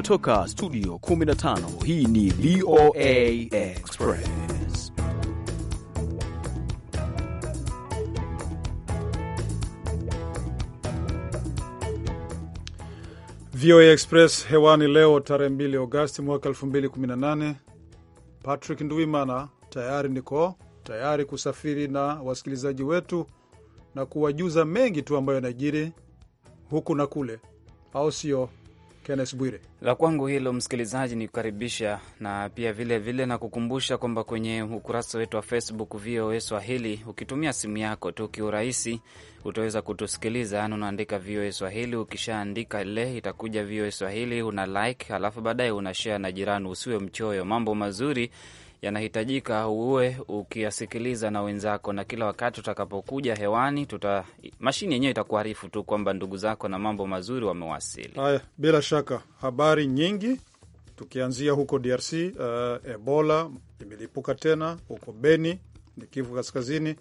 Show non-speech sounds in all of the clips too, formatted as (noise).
kutoka studio 15 hii ni VOA Express. VOA Express hewani leo tarehe 2 Agosti mwaka 2018. Patrick Ndwimana tayari niko tayari kusafiri na wasikilizaji wetu na kuwajuza mengi tu ambayo yanajiri huku na kule, au sio? Kenneth Bwire. La kwangu hilo, msikilizaji, ni kukaribisha na pia vilevile vile na kukumbusha kwamba kwenye ukurasa wetu wa Facebook VOA Swahili, ukitumia simu yako tu kiurahisi utaweza kutusikiliza. Yani unaandika VOA Swahili, ukishaandika le itakuja VOA Swahili, una like, alafu baadaye una share na jirani. Usiwe mchoyo, mambo mazuri yanahitajika uwe ukiyasikiliza na wenzako, na kila wakati utakapokuja hewani tuta mashini yenyewe itakuarifu tu kwamba ndugu zako na mambo mazuri wamewasili. Haya, bila shaka habari nyingi, tukianzia huko DRC. Uh, eh, Ebola imelipuka tena huko Beni ni Kivu Kaskazini,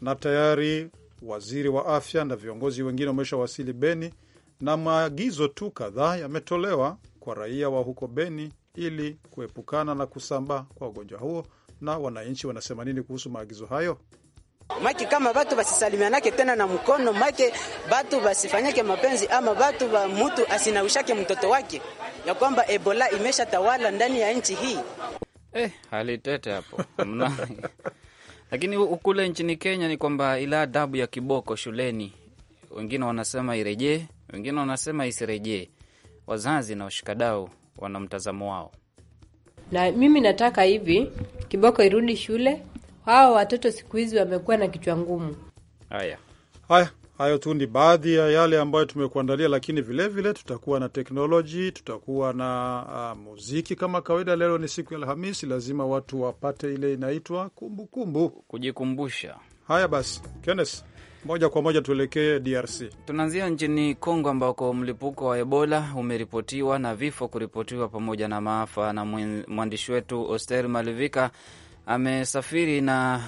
na tayari waziri wa afya na viongozi wengine wameshawasili Beni na maagizo tu kadhaa yametolewa kwa raia wa huko Beni ili kuepukana na kusambaa kwa ugonjwa huo. Na wananchi wanasema nini kuhusu maagizo hayo? Maki kama batu basisalimianake tena na mkono, make batu basifanyake mapenzi, ama batu ba mutu asinaushake mtoto wake, ya kwamba Ebola imesha tawala ndani ya nchi hii. Eh, hali tete hapo (laughs) lakini ukule nchini Kenya ni kwamba ile adabu ya kiboko shuleni, wengine wanasema irejee, wengine wanasema isirejee. Wazazi na washikadau wana mtazamo wao. Na mimi nataka hivi Kiboko irudi shule. Hawa watoto siku hizi wamekuwa na kichwa ngumu. Haya haya, hayo tu ni baadhi ya yale ambayo tumekuandalia, lakini vilevile vile, tutakuwa na teknoloji, tutakuwa na uh, muziki kama kawaida. Leo ni siku ya Alhamisi, lazima watu wapate ile inaitwa kumbukumbu, kujikumbusha. Haya basi, Kenneth. Moja kwa moja tuelekee DRC. Tunaanzia nchini Kongo ambako mlipuko wa Ebola umeripotiwa na vifo kuripotiwa pamoja na maafa, na mwandishi wetu Oster Malivika amesafiri na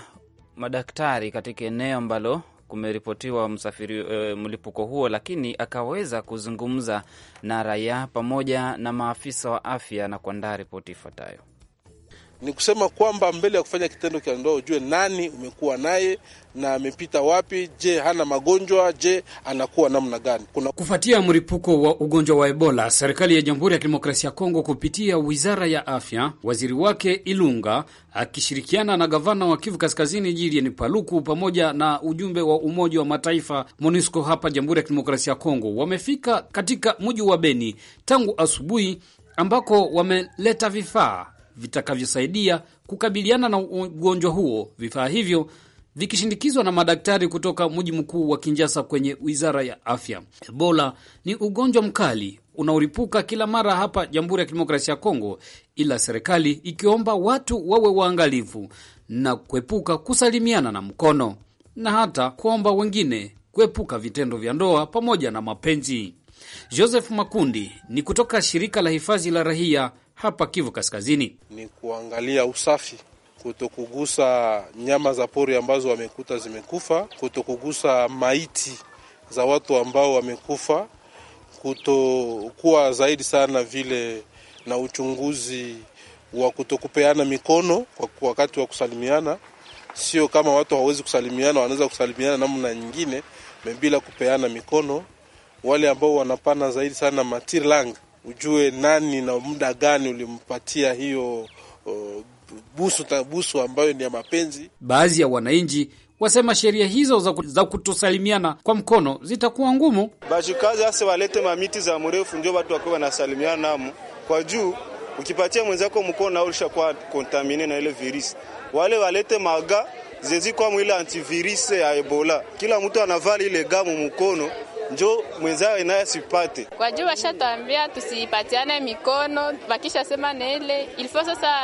madaktari katika eneo ambalo kumeripotiwa msafiri e, mlipuko huo, lakini akaweza kuzungumza na raia pamoja na maafisa wa afya na kuandaa ripoti ifuatayo. Ni kusema kwamba mbele ya kufanya kitendo cha ndoa ujue nani umekuwa naye na amepita wapi. Je, hana magonjwa? Je, anakuwa namna gani? Kuna kufuatia mlipuko wa ugonjwa wa Ebola, serikali ya Jamhuri ya Kidemokrasia ya Kongo kupitia wizara ya afya, waziri wake Ilunga akishirikiana na gavana wa Kivu Kaskazini Julien Paluku pamoja na ujumbe wa Umoja wa Mataifa MONUSCO hapa Jamhuri ya Kidemokrasia ya Kongo wamefika katika mji wa Beni tangu asubuhi ambako wameleta vifaa vitakavyosaidia kukabiliana na ugonjwa huo, vifaa hivyo vikishindikizwa na madaktari kutoka mji mkuu wa Kinjasa kwenye wizara ya afya. Ebola ni ugonjwa mkali unaoripuka kila mara hapa Jamhuri ya Kidemokrasia ya Kongo, ila serikali ikiomba watu wawe waangalifu na kuepuka kusalimiana na mkono na hata kuomba wengine kuepuka vitendo vya ndoa pamoja na mapenzi. Joseph Makundi ni kutoka shirika la hifadhi la Rahia hapa Kivu Kaskazini ni kuangalia usafi kutokugusa nyama za pori ambazo wamekuta zimekufa, kutokugusa maiti za watu ambao wamekufa, kutokuwa zaidi sana vile na uchunguzi wa kutokupeana mikono kwa wakati wa kusalimiana. Sio kama watu hawawezi kusalimiana, wanaweza kusalimiana namna nyingine bila kupeana mikono. Wale ambao wanapana zaidi sana matirlang ujue nani na muda gani ulimpatia hiyo uh, busu ta busu ambayo ni ya mapenzi. Baadhi ya wananchi wasema sheria hizo za kutosalimiana kwa mkono zitakuwa ngumu. Bashikazi hasa walete mamiti za mrefu, ndio watu wakiwa wanasalimiana namo kwa juu. Ukipatia mwenzako mkono au ulishakuwa kontamine na ile virusi, wale walete maga zezi kwa mwile antivirisi ya Ebola, kila mtu anavali ile gamu mkono njo mwenzao inaye sipate kwa juu washatwambia tusipatiane mikono, wakishasema na ile ilifo sasa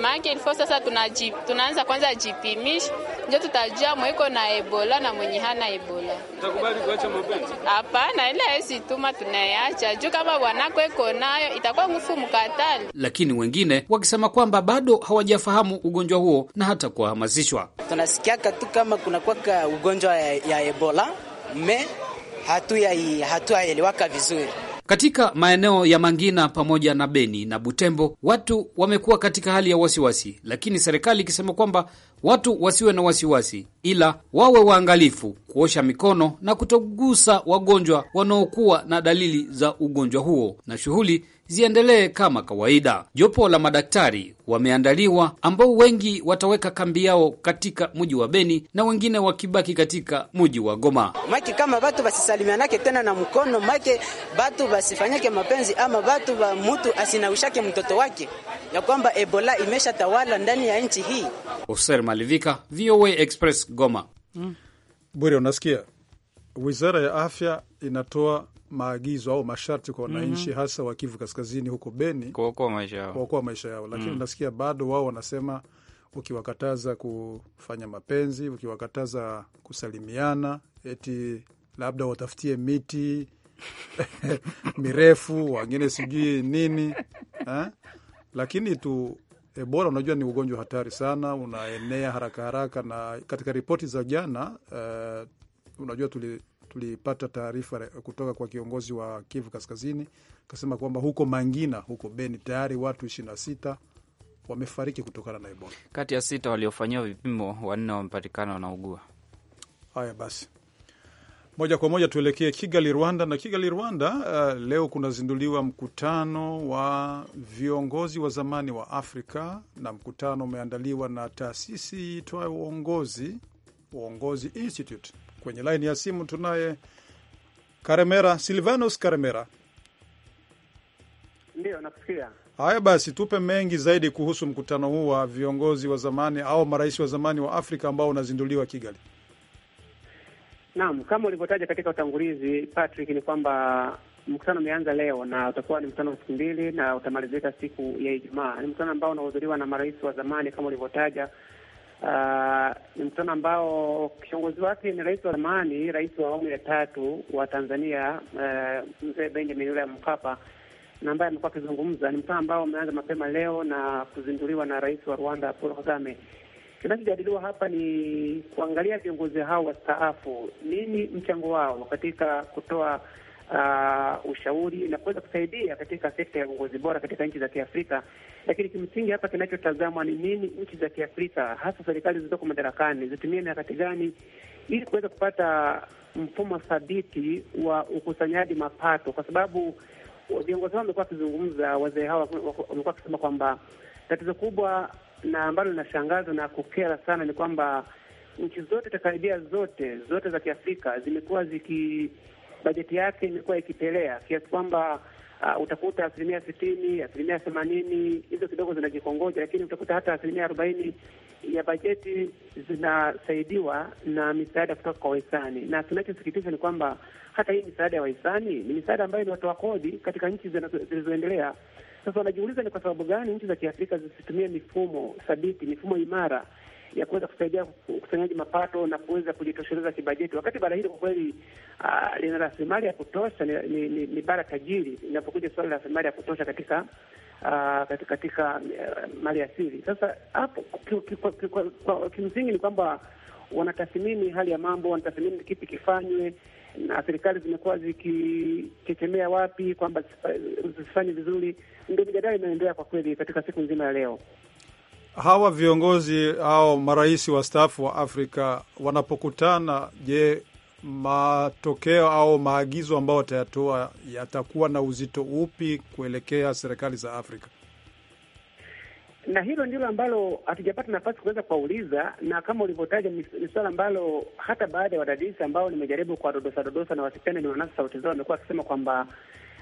maake ilifo sasa tunajip, tunaanza kwanza jipimisha njo tutajua mweko na Ebola na mwenye hana Ebola. Utakubali kuacha mapenzi? Hapana, ile haisituma tunayacha juu kama bwanako eko nayo itakuwa ngufu mkatali. Lakini wengine wakisema kwamba bado hawajafahamu ugonjwa huo na hata kuhamasishwa Tunasikiaka tu kama kunakwaka ugonjwa ya, ya Ebola me hatuyaelewaka vizuri. Katika maeneo ya Mangina pamoja na Beni na Butembo, watu wamekuwa katika hali ya wasiwasi wasi, lakini serikali ikisema kwamba watu wasiwe na wasiwasi wasi, ila wawe waangalifu kuosha mikono na kutogusa wagonjwa wanaokuwa na dalili za ugonjwa huo na shughuli ziendelee kama kawaida. Jopo la madaktari wameandaliwa ambao wengi wataweka kambi yao katika mji wa Beni na wengine wakibaki katika mji wa Goma. Maki kama batu basisalimianake tena na mkono make, batu basifanyake mapenzi ama batu ba mutu asinaushake mtoto wake, ya kwamba Ebola imesha tawala ndani ya nchi hii. Oser Malivika, VOA Express, Goma. Mm. Bure, unasikia wizara ya afya inatoa maagizo au masharti kwa wananchi mm -hmm. hasa wa Kivu Kaskazini huko Beni kuokoa maisha yao, kuokoa maisha yao, lakini mm. nasikia bado wao wanasema ukiwakataza kufanya mapenzi, ukiwakataza kusalimiana, eti labda watafutie miti (laughs) mirefu, wengine sijui nini ha? Lakini tu Ebola eh, unajua ni ugonjwa hatari sana, unaenea haraka haraka, na katika ripoti za jana uh, unajua tuli tulipata taarifa kutoka kwa kiongozi wa Kivu Kaskazini, akasema kwamba huko Mangina, huko Beni tayari watu ishirini na sita wamefariki kutokana na Ebola. Kati ya sita waliofanyiwa vipimo, wanne wamepatikana wanaugua. Haya basi, moja kwa moja tuelekee Kigali, Rwanda. Na Kigali, Rwanda, uh, leo kunazinduliwa mkutano wa viongozi wa zamani wa Afrika, na mkutano umeandaliwa na taasisi itwayo Uongozi Uongozi Institute Kwenye laini ya simu tunaye Karemera, Silvanus Karemera. ndio nakusikia. Haya basi, tupe mengi zaidi kuhusu mkutano huu wa viongozi wa zamani au marais wa zamani wa Afrika ambao unazinduliwa Kigali. Naam, kama ulivyotaja katika utangulizi Patrick, ni kwamba mkutano umeanza leo na utakuwa ni mkutano wa siku mbili na utamalizika siku ya Ijumaa. Ni mkutano ambao unahudhuriwa na marais wa zamani kama ulivyotaja Uh, ni mkutano ambao kiongozi wake ni rais wa zamani, rais wa awamu ya tatu wa Tanzania uh, mzee Benjamin William Mkapa na ambaye amekuwa akizungumza. Ni mkutano ambao umeanza mapema leo na kuzinduliwa na rais wa Rwanda Paul Kagame. Kinachojadiliwa hapa ni kuangalia viongozi hao wastaafu, nini mchango wao katika kutoa uh, ushauri na kuweza kusaidia katika sekta ya uongozi bora katika nchi za Kiafrika. Lakini kimsingi hapa kinachotazamwa ni nini nchi za Kiafrika, hasa serikali zilizoko madarakani, zitumie mikakati gani ili kuweza kupata mfumo thabiti wa ukusanyaji mapato, kwa sababu viongozi hao wamekuwa wakizungumza, wazee hao wamekuwa wakisema kwamba tatizo kubwa na ambalo linashangaza na kukera sana ni kwamba nchi zote takaribia zote zote za Kiafrika zimekuwa ziki bajeti yake imekuwa ikipelea kiasi kwamba uh, utakuta asilimia sitini, asilimia themanini hizo kidogo zinajikongoja, lakini utakuta hata asilimia arobaini ya bajeti zinasaidiwa na misaada kutoka kwa wahisani, na kinachosikitisha ni kwamba hata hii misaada ya wahisani ni misaada ambayo ni watoa kodi katika nchi zilizoendelea. Sasa wanajiuliza ni kwa sababu gani nchi za Kiafrika zisitumie mifumo thabiti, mifumo imara ya kuweza kusaidia ukusanyaji mapato na kuweza kujitosheleza kibajeti, wakati bara hili kwa kweli uh, lina rasilimali ya kutosha. Ni, ni, ni, ni bara tajiri inapokuja suala la rasilimali ya kutosha katika uh, katika, katika uh, mali asili. Sasa hapo kimsingi ni kwamba wanatathmini hali ya mambo, wanatathmini kipi kifanywe na serikali zimekuwa zikichechemea wapi kwamba zisifanye vizuri. Ndio mijadala inaendelea kwa kweli katika siku nzima ya leo hawa viongozi au marais wastaafu wa Afrika wanapokutana, je, matokeo au maagizo ambayo watayatoa yatakuwa na uzito upi kuelekea serikali za Afrika? Na hilo ndilo ambalo hatujapata nafasi kuweza kuwauliza, na kama ulivyotaja, ni suala ambalo hata baadhi ya wadadisi ambao nimejaribu kuwadodosa dodosa na wasipende ni wanasa sauti zao, wamekuwa wakisema kwamba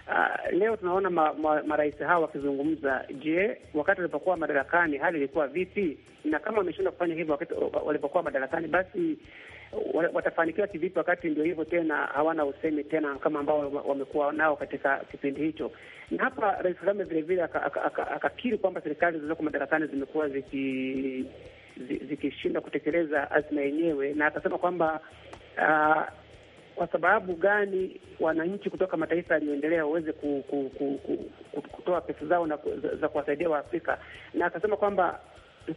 Uh, leo tunaona ma, ma, marais hawa wakizungumza. Je, wakati walipokuwa madarakani hali ilikuwa vipi? Na kama wameshindwa kufanya hivyo wakati walipokuwa madarakani, basi watafanikiwa kivipi wakati ndio hivyo tena hawana usemi tena kama ambao wamekuwa nao katika kipindi hicho? Na hapa Rais Kagame vilevile akakiri kwamba serikali zilizoko madarakani zimekuwa ziki zikishindwa kutekeleza azma yenyewe, na akasema kwamba uh, kwa sababu gani wananchi kutoka mataifa yaliyoendelea waweze ku, ku, ku, ku, kutoa pesa zao na, za kuwasaidia Waafrika, na akasema kwamba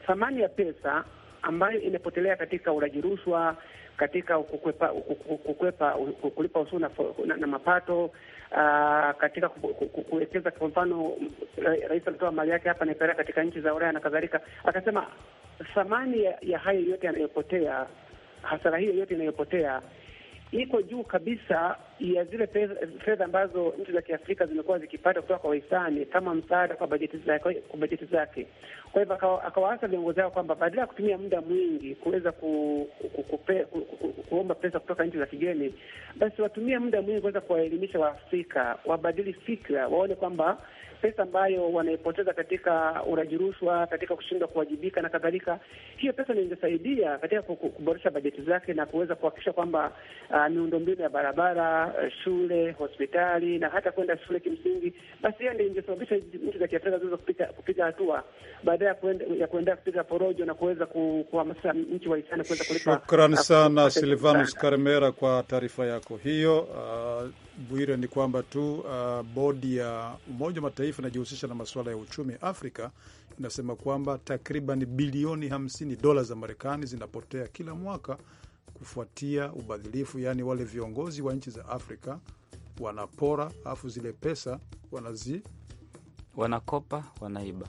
thamani ya pesa ambayo inapotelea katika ulaji rushwa, katika kukwepa, kukwepa kulipa usuu na, na, na mapato Uh, katika kuwekeza. Kwa mfano, rais alitoa mali yake hapa naipeleka katika nchi za Ulaya na kadhalika. Akasema thamani ya, ya hayo yote yanayopotea, hasara hiyo yote inayopotea iko juu kabisa ya zile fedha ambazo nchi za Kiafrika zimekuwa zikipata kutoka kwa wahisani kama msaada kwa bajeti zake, kwa bajeti zake. Kwa hivyo akawaasa viongozi hao kwamba badala ya kutumia muda mwingi kuweza ku, ku, ku, ku, ku, kuomba pesa kutoka nchi za kigeni, basi watumie muda mwingi kuweza kuwaelimisha Waafrika, wabadili fikra, waone kwamba pesa ambayo wanaipoteza katika uraji rushwa, katika kushindwa kuwajibika na kadhalika, hiyo pesa ningesaidia katika kuboresha bajeti zake na kuweza kuhakikisha kwamba uh, miundombinu ya barabara, uh, shule, hospitali na hata kwenda shule kimsingi, basi hiyo ndiyo ingesababisha nchi za Kiafrika ziweze kupiga hatua baada ya kuendea kupiga porojo na kuweza kuhamasisha nchi wahisani kuweza kulipa. Uh, Shukrani uh, sana Silvanus Karmera kwa taarifa yako hiyo. Uh, Bwire, ni kwamba tu uh, bodi ya Umoja wa Mataifa Mataifa inajihusisha na masuala ya uchumi Afrika inasema kwamba takriban bilioni 50 dola za Marekani zinapotea kila mwaka kufuatia ubadhilifu, yaani wale viongozi wa nchi za Afrika wanapora, alafu zile pesa wanazi wanakopa wanaiba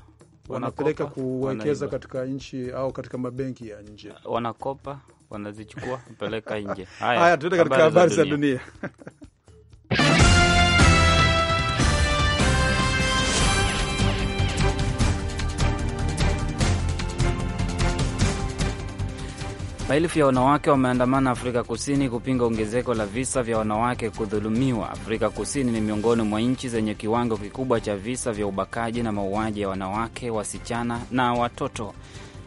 wanapeleka kuwekeza katika nchi au katika mabenki ya nje, wanakopa wanazichukua peleka nje. (laughs) Haya, tuende katika habari za dunia. (laughs) Maelfu ya wanawake wameandamana Afrika Kusini kupinga ongezeko la visa vya wanawake kudhulumiwa. Afrika Kusini ni miongoni mwa nchi zenye kiwango kikubwa cha visa vya ubakaji na mauaji ya wanawake, wasichana na watoto.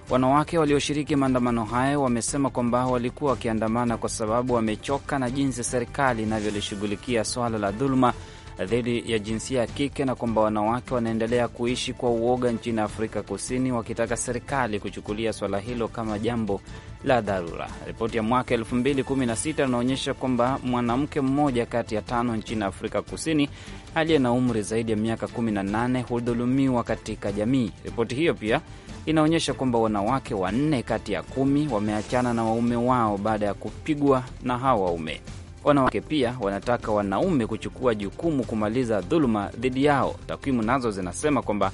Wanawake walioshiriki maandamano hayo wamesema kwamba walikuwa wakiandamana kwa sababu wamechoka na jinsi serikali inavyolishughulikia swala la dhuluma dhidi ya jinsia ya kike na kwamba wanawake wanaendelea kuishi kwa uoga nchini Afrika Kusini, wakitaka serikali kuchukulia swala hilo kama jambo la dharura. Ripoti ya mwaka 2016 inaonyesha kwamba mwanamke mmoja kati ya tano nchini Afrika Kusini aliye na umri zaidi ya miaka 18 hudhulumiwa katika jamii. Ripoti hiyo pia inaonyesha kwamba wanawake wanne kati ya kumi wameachana na waume wao baada ya kupigwa na hawa waume. Wanawake pia wanataka wanaume kuchukua jukumu kumaliza dhuluma dhidi yao. Takwimu nazo zinasema kwamba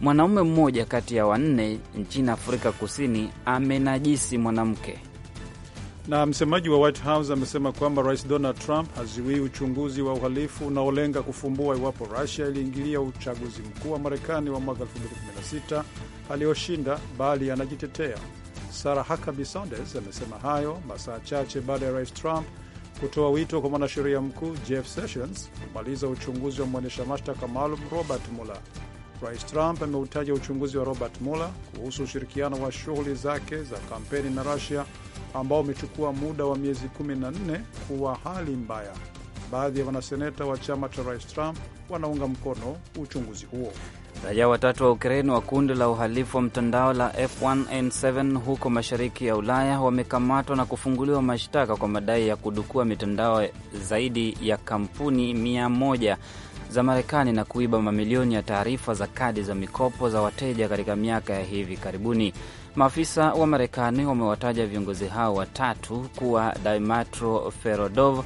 mwanaume mmoja kati ya wanne nchini Afrika Kusini amenajisi mwanamke. Na msemaji wa White House amesema kwamba Rais Donald Trump haziwii uchunguzi wa uhalifu unaolenga kufumbua iwapo Rusia iliingilia uchaguzi mkuu wa Marekani wa mwaka 2016 aliyoshinda, bali anajitetea. Sarah Huckabee Sanders amesema hayo masaa chache baada ya Rais Trump kutoa wito kwa mwanasheria mkuu Jeff Sessions kumaliza uchunguzi wa mwendesha mashtaka maalum Robert Mueller. Rais Trump ameutaja uchunguzi wa Robert Mueller kuhusu ushirikiano wa shughuli zake za kampeni na Rusia ambao umechukua muda wa miezi 14 kuwa hali mbaya. Baadhi ya wanaseneta wa chama cha Rais Trump wanaunga mkono uchunguzi huo. Raia watatu wa ukrain wa kundi la uhalifu wa mtandao la F1N7 huko mashariki ya Ulaya wamekamatwa na kufunguliwa mashtaka kwa madai ya kudukua mitandao zaidi ya kampuni 1 za Marekani na kuiba mamilioni ya taarifa za kadi za mikopo za wateja katika miaka ya hivi karibuni. Maafisa wa Marekani wamewataja viongozi hao watatu kuwa Daimatro Ferodov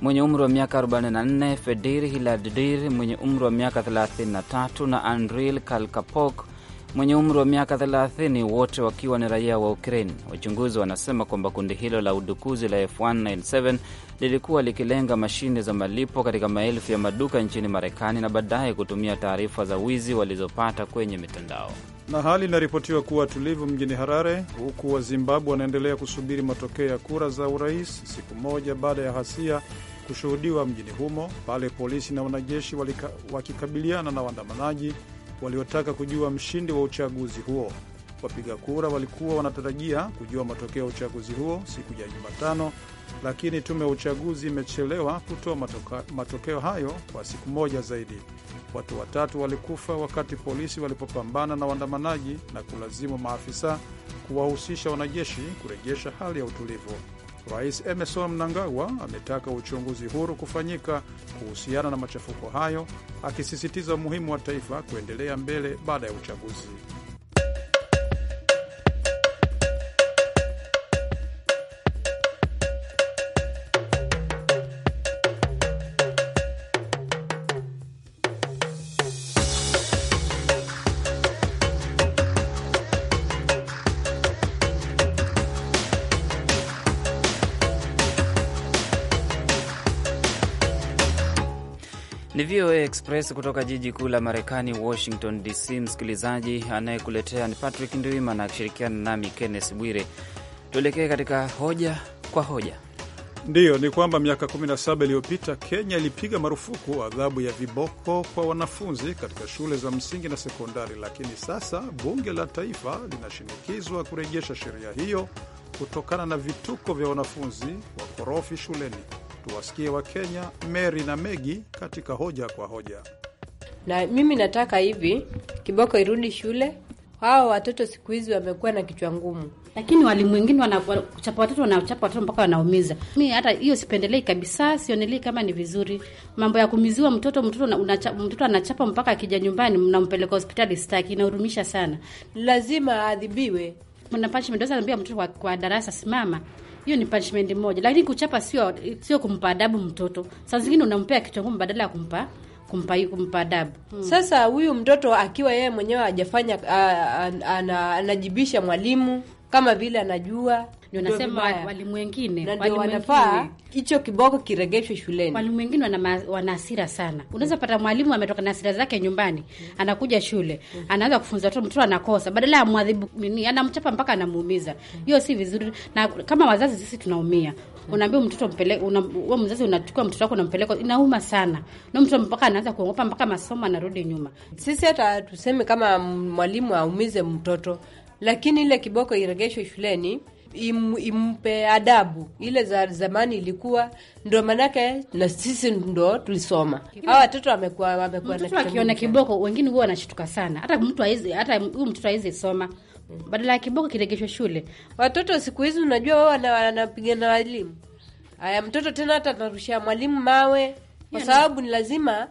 mwenye umri wa miaka 44, Fedir Hiladdir mwenye umri wa miaka 33 na Andril Kalkapok mwenye umri wa miaka 30, wote wakiwa ni raia wa Ukraine. Wachunguzi wanasema kwamba kundi hilo la udukuzi la f 197 lilikuwa likilenga mashine za malipo katika maelfu ya maduka nchini Marekani na baadaye kutumia taarifa za wizi walizopata kwenye mitandao. Na hali inaripotiwa kuwa tulivu mjini Harare, huku wa zimbabwe wanaendelea kusubiri matokeo ya kura za urais siku moja baada ya hasia kushuhudiwa mjini humo pale polisi na wanajeshi walika, wakikabiliana na waandamanaji waliotaka kujua mshindi wa uchaguzi huo. Wapiga kura walikuwa wanatarajia kujua matokeo ya uchaguzi huo siku ya Jumatano, lakini tume ya uchaguzi imechelewa kutoa matokeo hayo kwa siku moja zaidi. Watu watatu walikufa wakati polisi walipopambana na waandamanaji na kulazimu maafisa kuwahusisha wanajeshi kurejesha hali ya utulivu. Rais Emerson Mnangagwa ametaka uchunguzi huru kufanyika kuhusiana na machafuko hayo, akisisitiza umuhimu wa taifa kuendelea mbele baada ya uchaguzi. Ni VOA Express kutoka jiji kuu la Marekani, Washington DC. Msikilizaji anayekuletea ni Patrick Ndwimana akishirikiana nami kennes Bwire. Tuelekee katika hoja kwa hoja. Ndiyo, ni kwamba miaka 17 iliyopita Kenya ilipiga marufuku adhabu ya viboko kwa wanafunzi katika shule za msingi na sekondari, lakini sasa bunge la taifa linashinikizwa kurejesha sheria hiyo kutokana na vituko vya wanafunzi wakorofi shuleni tuwasikie Wakenya Mary na Megi katika hoja kwa hoja. Na mimi nataka hivi kiboko irudi shule. Hawa watoto siku hizi wamekuwa na kichwa ngumu, lakini walimu wengine wanachapa watoto, wanachapa watoto mpaka wanaumiza. Mi hata hiyo sipendelei kabisa, sionelei kama ni vizuri. Mambo ya kumiziwa mtoto, mtoto unachapa, mtoto anachapa mpaka akija nyumbani mnampeleka hospitali, staki, inahurumisha sana. Lazima aadhibiwe. mnapashi punishment, naambia mtoto kwa, kwa darasa, simama hiyo ni punishment moja, lakini kuchapa sio sio kumpa adabu mtoto. Saa zingine unampea kitu ngumu badala ya kumpa kumpa kumpa adabu hmm. Sasa huyu mtoto akiwa yeye mwenyewe hajafanya anajibisha mwalimu kama vile anajua ndio nasema walimu wengine wanafaa hicho kiboko kiregeshwe shuleni. Walimu wengine wana, hasira sana. Unaweza pata mwalimu ametoka na hasira zake nyumbani, anakuja shule, anaanza kufunza watoto, mtoto anakosa, badala ya mwadhibu nini, anamchapa mpaka anamuumiza. Hiyo si vizuri, na kama wazazi sisi tunaumia. Unaambia mtoto mpeleke, una, wewe mzazi unachukua mtoto wako unampeleka, inauma sana, na mtoto mpaka anaanza kuogopa, mpaka masomo anarudi nyuma. Sisi hata tuseme kama mwalimu aumize mtoto lakini ile kiboko iregeshwe shuleni Im, impe adabu ile za zamani ilikuwa ndo manake, na sisi ndo tulisoma. Hawa watoto wamekuwa wamekuwa na kiboko, wengine huwa wanashituka sana, hata mtu hata huyu mtoto haizi soma, badala ya kiboko kiregeshwe shule. Watoto siku hizi unajua wao na walimu. aya mtoto tena hata anarushia mwalimu mawe kwa sababu ni lazima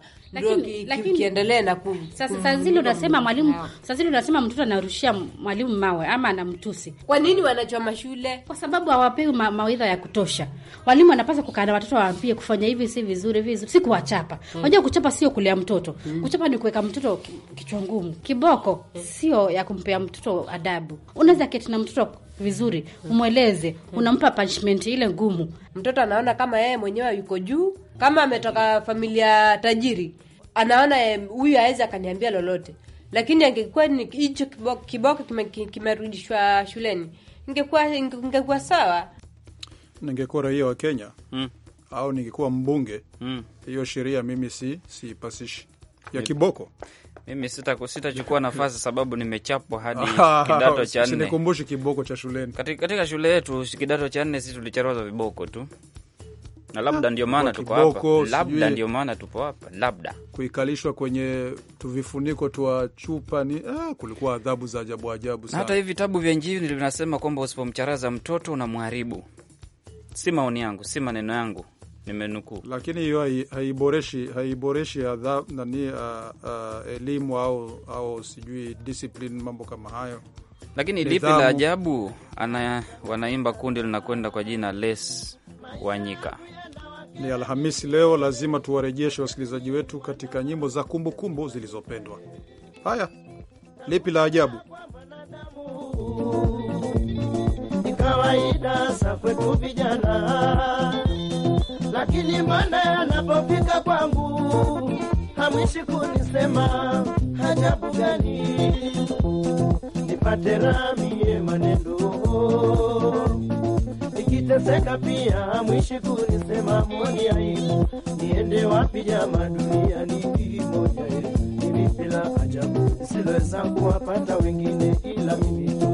kiendelee na ku, sasa saa zile unasema mwalimu, saa zile unasema mtoto anarushia mwalimu mawe ama anamtusi. Kwa nini wanachoma shule? Kwa sababu hawapewi ma, mawaidha ya kutosha. Walimu wanapaswa kukaa na watoto waambie kufanya hivi si vizuri, hivi si kuwachapa. Mm. Unajua, kuchapa sio kulea mtoto. Mm. Kuchapa ni kuweka mtoto kichwa ngumu. Kiboko sio ya kumpea mtoto adabu. Unaweza keti na mtoto vizuri, umweleze, unampa punishment ile ngumu. Mtoto anaona kama yeye mwenyewe yuko juu, kama ametoka familia tajiri, anaona huyu awezi akaniambia lolote, lakini angekuwa ni hicho kiboko kimerudishwa shuleni, ingekuwa ingekuwa sawa, ningekuwa raia wa Kenya mm. au ningekuwa mbunge hmm. hiyo mm. sheria mimi si siipasishi ya kiboko mimi sitachukua nafasi sababu nimechapwa hadi (laughs) ah, kidato cha nne. kiboko cha shuleni. Katika, katika shule yetu kidato cha nne sisi tulicharaza viboko tu na labda ah, ndio maana tuko hapa, labda ndio maana tupo hapa, labda kuikalishwa kwenye tuvifuniko twa chupa ni ah, kulikuwa adhabu za ajabu ajabu sana. Hata hivi vitabu vya Injili vinasema kwamba usipomcharaza mtoto unamharibu. Si maoni yangu, si maneno yangu nimenukuu, lakini hiyo haiboreshi haiboreshi nani uh, uh, elimu au, au sijui discipline, mambo kama hayo. Lakini lipi la ajabu? Ana, wanaimba kundi linakwenda kwa jina Les Wanyika ni Alhamisi leo, lazima tuwarejeshe wasikilizaji wetu katika nyimbo za kumbukumbu zilizopendwa. Haya, lipi la ajabu? kawaida sa kwetu vijana lakini mana anapofika kwangu hamwishi kunisema hajabu gani nipate ramie manendo nikiteseka pia hamwishi kunisema moni aimu niende wapi jama dunia ni kimoja ye vipi ajabu siloweza kuwapata wengine ila mimi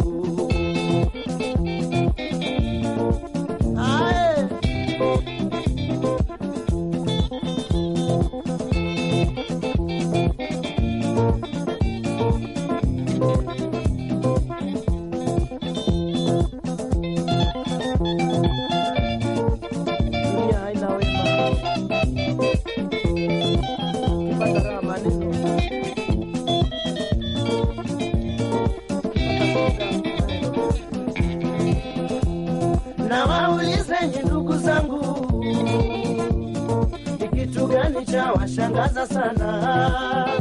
shangaza sana,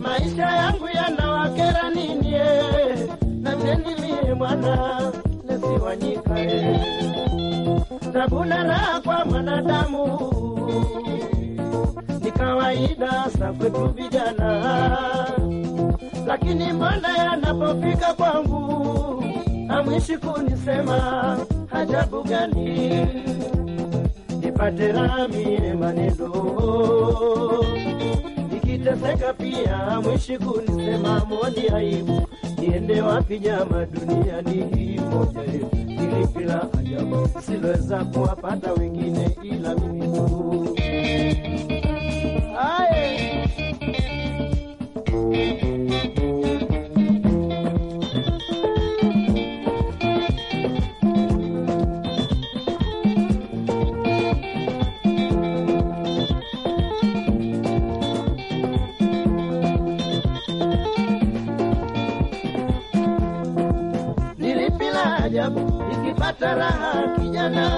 maisha yangu yanawakera nini? Namne mie mwana nasiwanyika tabuna raha kwa mwanadamu ni kawaida sa kwetu vijana, lakini mbona yanapofika kwangu amwishi kunisema hajabu gani? patera mire manezo nikiteseka pia mwishi kunisema moni aibu niende wapi nyama duniani hii moja yetu nilipila ajabu siweza kuwapata wengine ila mimi tu lipi la kijana,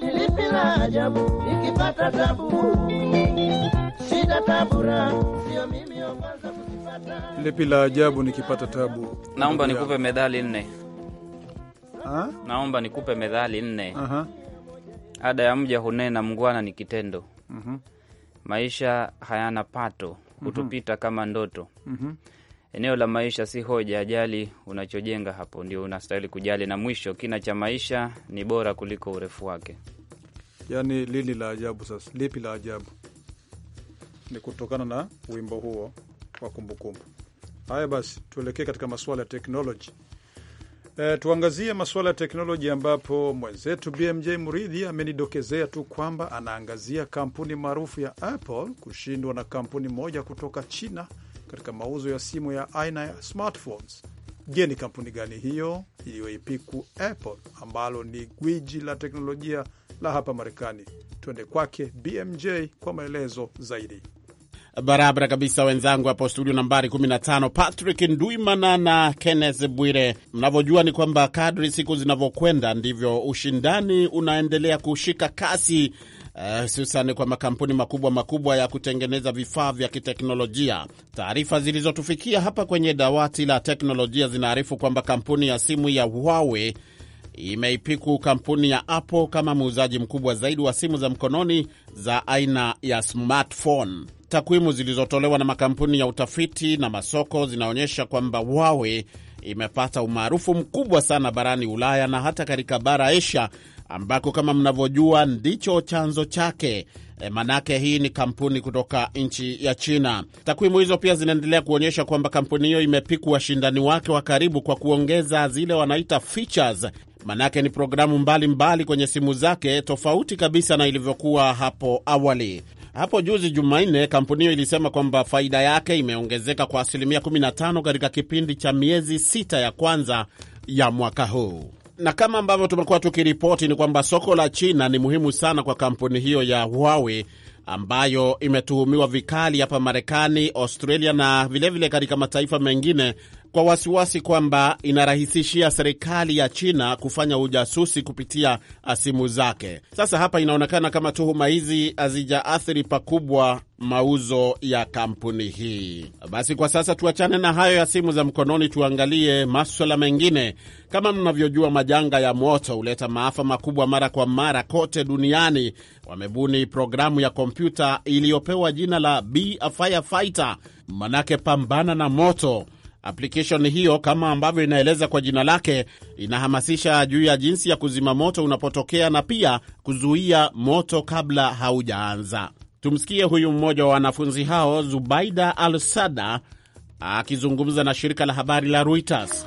nilipila ajabu nikipata tabu shida tabura, sio mimi wa kwanza kuzipata. Nilipila ajabu nikipata tabu. Naomba nikupe medali nne. Ha? Naomba nikupe medhali nne. Aha. Ada ya mja hunena, mgwana ni kitendo. Mhm. Maisha hayana pato, mhm. hutupita kama ndoto. -huh. Mhm. Eneo la maisha si hoja, ajali unachojenga hapo ndio unastahili kujali, na mwisho kina cha maisha ni bora kuliko urefu wake. Yani lili la ajabu. Sasa lipi la ajabu? Ni kutokana na wimbo huo wa kumbukumbu. Haya basi, tuelekee katika masuala ya teknoloji. E, eh, tuangazie masuala ya teknoloji ambapo mwenzetu BMJ Muridhi amenidokezea tu kwamba anaangazia kampuni maarufu ya Apple kushindwa na kampuni moja kutoka China katika mauzo ya simu ya aina ya smartphones. Je, ni kampuni gani hiyo iliyoipiku Apple ambalo ni gwiji la teknolojia la hapa Marekani? Tuende kwake BMJ kwa maelezo zaidi. Barabara kabisa wenzangu hapo studio nambari 15, Patrick Ndwimana na Kenneth Bwire. Mnavyojua ni kwamba kadri siku zinavyokwenda ndivyo ushindani unaendelea kushika kasi Eh, hususan uh, kwa makampuni makubwa makubwa ya kutengeneza vifaa vya kiteknolojia. Taarifa zilizotufikia hapa kwenye dawati la teknolojia zinaarifu kwamba kampuni ya simu ya Huawei imeipiku kampuni ya Apple kama muuzaji mkubwa zaidi wa simu za mkononi za aina ya smartphone. Takwimu zilizotolewa na makampuni ya utafiti na masoko zinaonyesha kwamba Huawei imepata umaarufu mkubwa sana barani Ulaya na hata katika bara Asia ambako kama mnavyojua ndicho chanzo chake. E, manake hii ni kampuni kutoka nchi ya China. Takwimu hizo pia zinaendelea kuonyesha kwamba kampuni hiyo imepiku washindani wake wa karibu kwa kuongeza zile wanaita features, manake ni programu mbalimbali mbali kwenye simu zake, tofauti kabisa na ilivyokuwa hapo awali. Hapo juzi Jumanne, kampuni hiyo ilisema kwamba faida yake imeongezeka kwa asilimia 15 katika kipindi cha miezi sita ya kwanza ya mwaka huu na kama ambavyo tumekuwa tukiripoti ni kwamba soko la China ni muhimu sana kwa kampuni hiyo ya Huawei ambayo imetuhumiwa vikali hapa Marekani, Australia na vilevile katika mataifa mengine kwa wasiwasi kwamba inarahisishia serikali ya China kufanya ujasusi kupitia uh, simu zake. Sasa hapa inaonekana kama tuhuma hizi hazijaathiri pakubwa mauzo ya kampuni hii. Basi kwa sasa tuachane na hayo ya simu za mkononi, tuangalie maswala mengine. Kama mnavyojua, majanga ya moto huleta maafa makubwa mara kwa mara kote duniani. Wamebuni programu ya kompyuta iliyopewa jina la Be a Firefighter, manake pambana na moto Application hiyo kama ambavyo inaeleza kwa jina lake, inahamasisha juu ya jinsi ya kuzima moto unapotokea na pia kuzuia moto kabla haujaanza. Tumsikie huyu mmoja wa wanafunzi hao Zubaida Al Sada Akizungumza na shirika la habari la Reuters,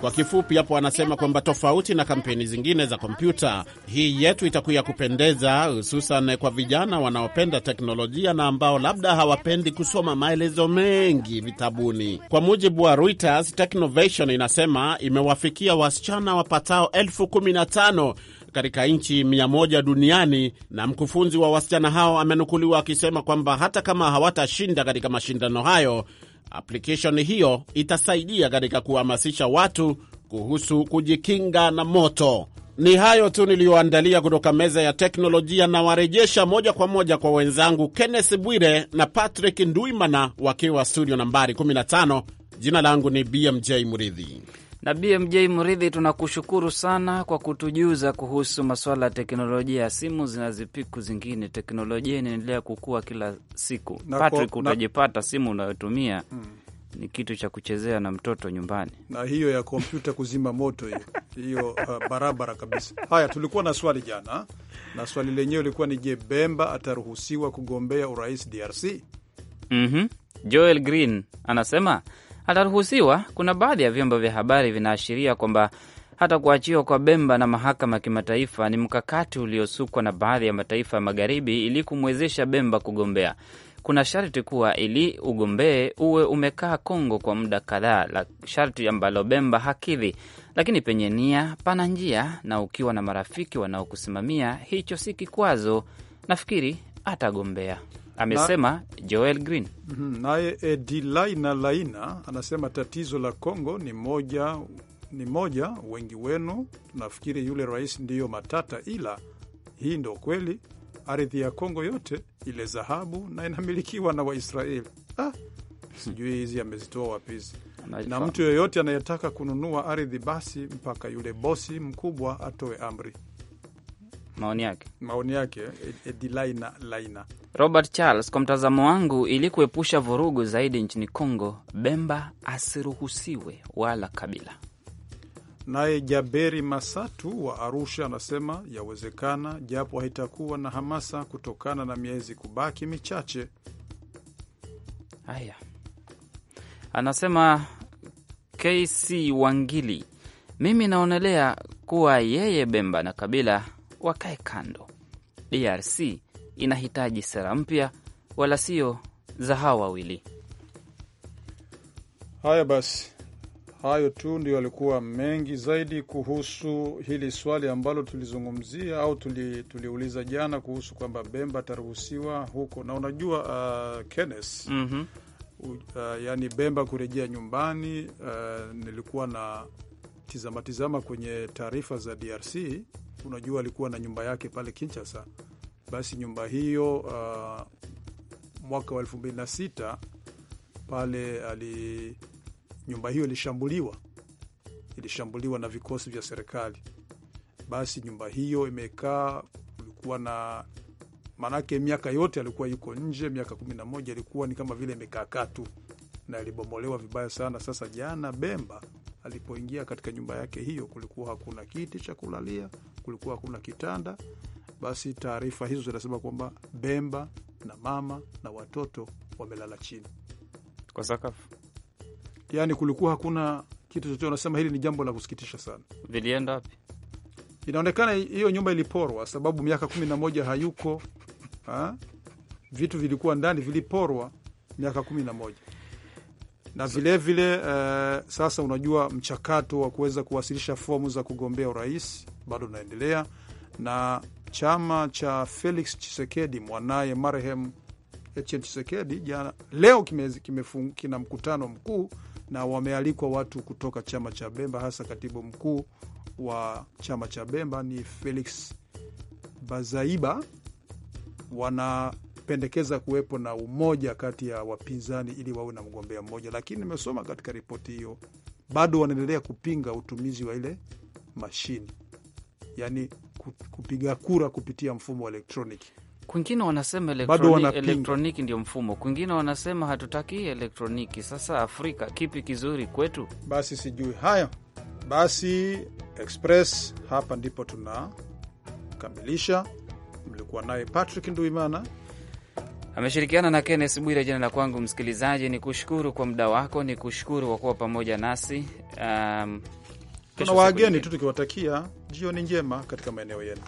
kwa kifupi hapo anasema kwamba tofauti na kampeni zingine za kompyuta, hii yetu itakuwa ya kupendeza, hususan kwa vijana wanaopenda teknolojia na ambao labda hawapendi kusoma maelezo mengi vitabuni. Kwa mujibu wa Reuters, Technovation inasema imewafikia wasichana wapatao elfu kumi na tano katika nchi mia moja duniani, na mkufunzi wa wasichana hao amenukuliwa akisema kwamba hata kama hawatashinda katika mashindano hayo, application hiyo itasaidia katika kuhamasisha watu kuhusu kujikinga na moto. Ni hayo tu niliyoandalia kutoka meza ya teknolojia, na warejesha moja kwa moja kwa wenzangu Kenneth Bwire na Patrick Nduimana wakiwa studio nambari 15. Jina langu ni BMJ Muridhi na BMJ Mridhi, tunakushukuru sana kwa kutujuza kuhusu masuala ya teknolojia ya simu zinazipiku zingine. Teknolojia inaendelea kukua kila siku na Patrick, na... utajipata simu unayotumia hmm ni kitu cha kuchezea na mtoto nyumbani, na hiyo ya kompyuta kuzima moto hiyo hiyo, uh, barabara kabisa. Haya, tulikuwa na swali jana, na swali lenyewe ilikuwa ni je, Bemba ataruhusiwa kugombea urais DRC? mm -hmm. Joel Green anasema ataruhusiwa. Kuna baadhi ya vyombo vya habari vinaashiria kwamba hata kuachiwa kwa Bemba na mahakama ya kimataifa ni mkakati uliosukwa na baadhi ya mataifa ya magharibi ili kumwezesha Bemba kugombea. Kuna sharti kuwa ili ugombee uwe umekaa Kongo kwa muda kadhaa, la sharti ambalo Bemba hakidhi. Lakini penye nia pana njia, na ukiwa na marafiki wanaokusimamia, hicho si kikwazo. Nafikiri atagombea amesema na, Joel Green. Mhm, naye Edilaina Laina anasema tatizo la congo ni moja, ni moja, wengi wenu tunafikiri yule rais ndiyo matata, ila hii ndo kweli. Ardhi ya Kongo yote ile dhahabu na inamilikiwa na Waisraeli. Ah, sijui hizi amezitoa wapizi na mtu yoyote anayetaka kununua ardhi basi mpaka yule bosi mkubwa atoe amri. Maoni yake, maoni yake Edilaina Laina. Robert Charles, kwa mtazamo wangu, ili kuepusha vurugu zaidi nchini congo Bemba asiruhusiwe wala Kabila. Naye Jaberi Masatu wa Arusha anasema yawezekana, japo haitakuwa na hamasa kutokana na miezi kubaki michache. Haya, anasema KC Wangili, mimi naonelea kuwa yeye Bemba na Kabila wakae kando. DRC inahitaji sera mpya, wala sio za hawa wawili. Haya basi, hayo tu ndio yalikuwa mengi zaidi kuhusu hili swali ambalo tulizungumzia au tuli, tuliuliza jana kuhusu kwamba Bemba ataruhusiwa huko na unajua uh, Kenneth mm -hmm. Uh, yani Bemba kurejea nyumbani uh, nilikuwa na tizamatizama kwenye taarifa za DRC. Unajua alikuwa na nyumba yake pale Kinshasa basi nyumba hiyo uh, mwaka wa sita pale ali, nyumba hiyo ilishambuliwa, ilishambuliwa na vikosi vya serikali. Basi nyumba hiyo imekaa, kulikuwa na maanake, miaka yote alikuwa yuko nje, miaka kumi na moja ilikuwa ni kama vile imekaa tu na ilibomolewa vibaya sana. Sasa jana Bemba alipoingia katika nyumba yake hiyo, kulikuwa hakuna kiti cha kulalia, kulikuwa hakuna kitanda, basi taarifa hizo zinasema kwamba Bemba na mama na watoto wamelala chini kwa sakafu, yaani kulikuwa hakuna kitu chochote. Unasema hili ni jambo la kusikitisha sana. Vilienda wapi? Inaonekana hiyo nyumba iliporwa, sababu miaka kumi na moja hayuko ha? Vitu vilikuwa ndani viliporwa miaka kumi na moja na vilevile vile, uh, sasa unajua mchakato wa kuweza kuwasilisha fomu za kugombea urais bado unaendelea, na Chama cha Felix Chisekedi, mwanaye marehemu Etienne Chisekedi, jana leo kina mkutano mkuu na wamealikwa watu kutoka chama cha Bemba, hasa katibu mkuu wa chama cha Bemba ni Felix Bazaiba. Wanapendekeza kuwepo na umoja kati ya wapinzani ili wawe na mgombea mmoja, lakini nimesoma katika ripoti hiyo bado wanaendelea kupinga utumizi wa ile mashini yani kupiga kura kupitia mfumo wa elektroniki. Kwingine wanasema elektroniki ndio mfumo, kwingine wanasema hatutaki elektroniki. Sasa Afrika kipi kizuri kwetu? Basi sijui haya. Basi Express hapa ndipo tunakamilisha. Mlikuwa naye Patrick Nduimana ameshirikiana na Kennes Bwire. Jina la kwangu msikilizaji ni kushukuru kwa muda wako, ni kushukuru kwa kuwa pamoja nasi um, tuna wageni tu tukiwatakia jioni njema katika maeneo yenu.